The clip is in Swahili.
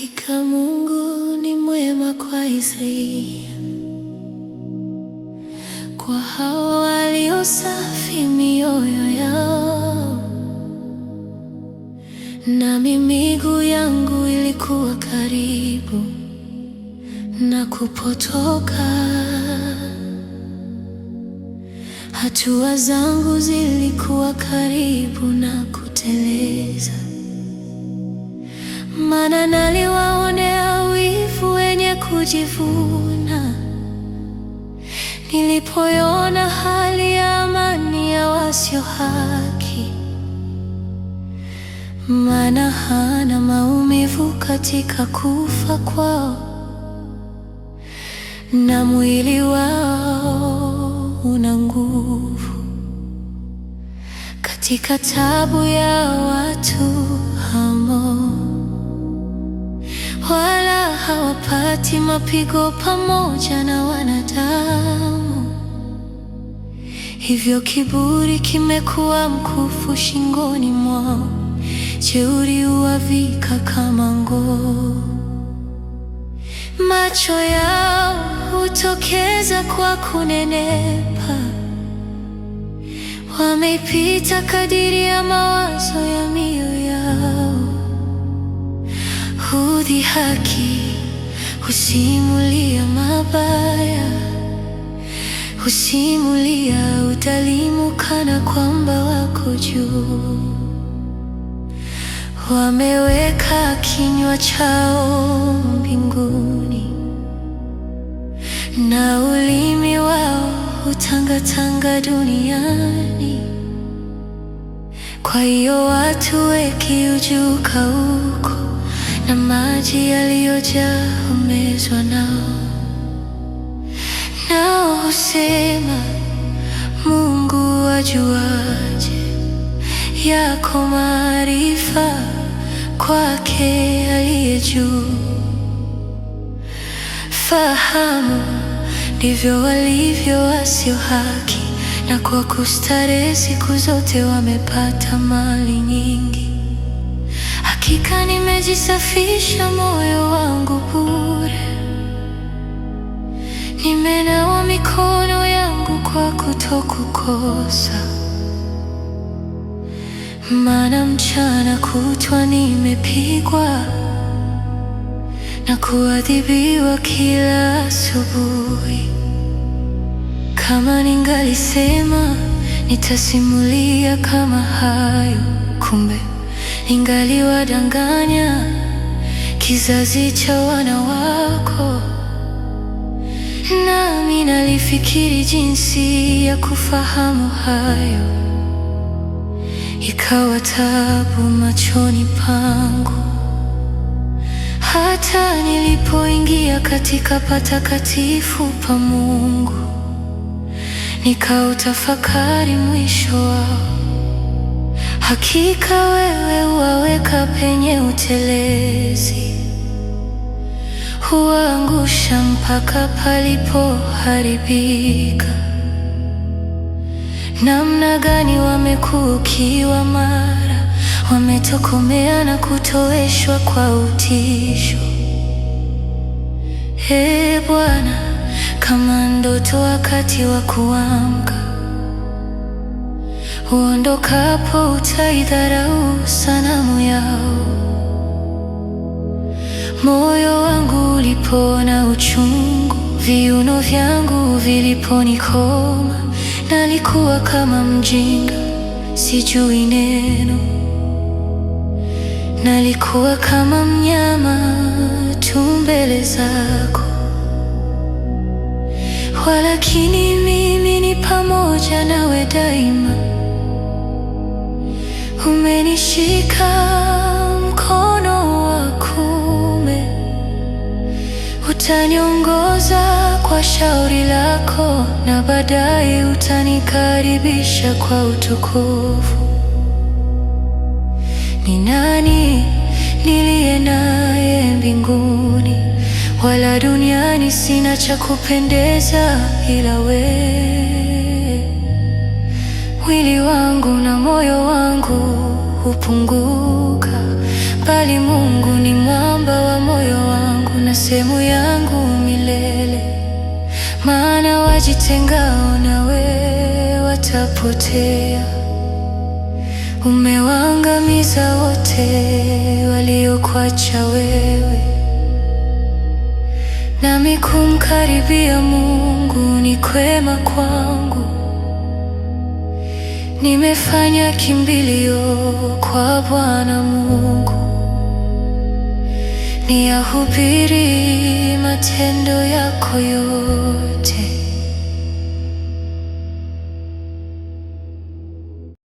Hakika Mungu ni mwema kwa Isaia, kwa hao waliosafi mioyo yao. Nami miguu yangu ilikuwa karibu na kupotoka, hatua zangu zilikuwa karibu na kuteleza. Maana naliwaonea wivu wenye kujivuna, Nilipoyona hali ya amani ya wasio haki. Maana hana maumivu katika kufa kwao, na mwili wao una nguvu katika tabu ya watu hawapati mapigo pamoja na wanadamu, hivyo kiburi kimekuwa mkufu shingoni mwao, jeuri uwavika kama ngoo. Macho yao hutokeza kwa kunenepa, wameipita kadiri ya mawazo ya mioyo yao hudhihaki husimulia mabaya, husimulia udhalimu kana kwamba wako juu. Wameweka kinywa chao mbinguni na ulimi wao hutangatanga duniani. Kwa hiyo watu wekiujuka huko na maji yaliyojaa kuumizwa nao nao husema Mungu ajuaje? Yako maarifa kwake aliye juu. Fahamu ndivyo walivyo wasio haki, na kwa kustarehe siku zote wamepata mali nyingi. Hakika nimejisafisha moyo wangu Nimenawa mikono yangu kwa kutokukosa, maana mchana kutwa nimepigwa na kuadhibiwa kila asubuhi. Kama ningalisema nitasimulia kama hayo, kumbe ningaliwadanganya kizazi cha wana wako nami nalifikiri jinsi ya kufahamu hayo, ikawa tabu machoni pangu. Hata nilipoingia katika patakatifu pa Mungu, nikautafakari mwisho wao. Hakika wewe waweka penye utelezi kuangusha mpaka palipoharibika. Namna gani wamekuukiwa mara, wametokomea na kutoweshwa kwa utisho. Ee Bwana, kama ndoto wakati wa kuamka, uondokapo utaidharau sanamu yao moyo wangu ulipona uchungu, viuno vyangu viliponikoma, nalikuwa kama mjinga, sijui neno, nalikuwa kama mnyama tu mbele zako, walakini mimi ni pamoja nawe daima, umenishika utaniongoza kwa shauri lako na baadaye utanikaribisha kwa utukufu. Ni nani niliye naye mbinguni? Wala duniani sina cha kupendeza ila we Mwili wangu na moyo wangu hupunguka, bali Mungu ni mwamba wa moyo wangu na sehemu yangu wajitengao nawe watapotea. Umewaangamiza wote waliokuacha wewe. Nami kumkaribia Mungu ni kwema kwangu, nimefanya kimbilio kwa Bwana Mungu, niyahubiri matendo yako yote.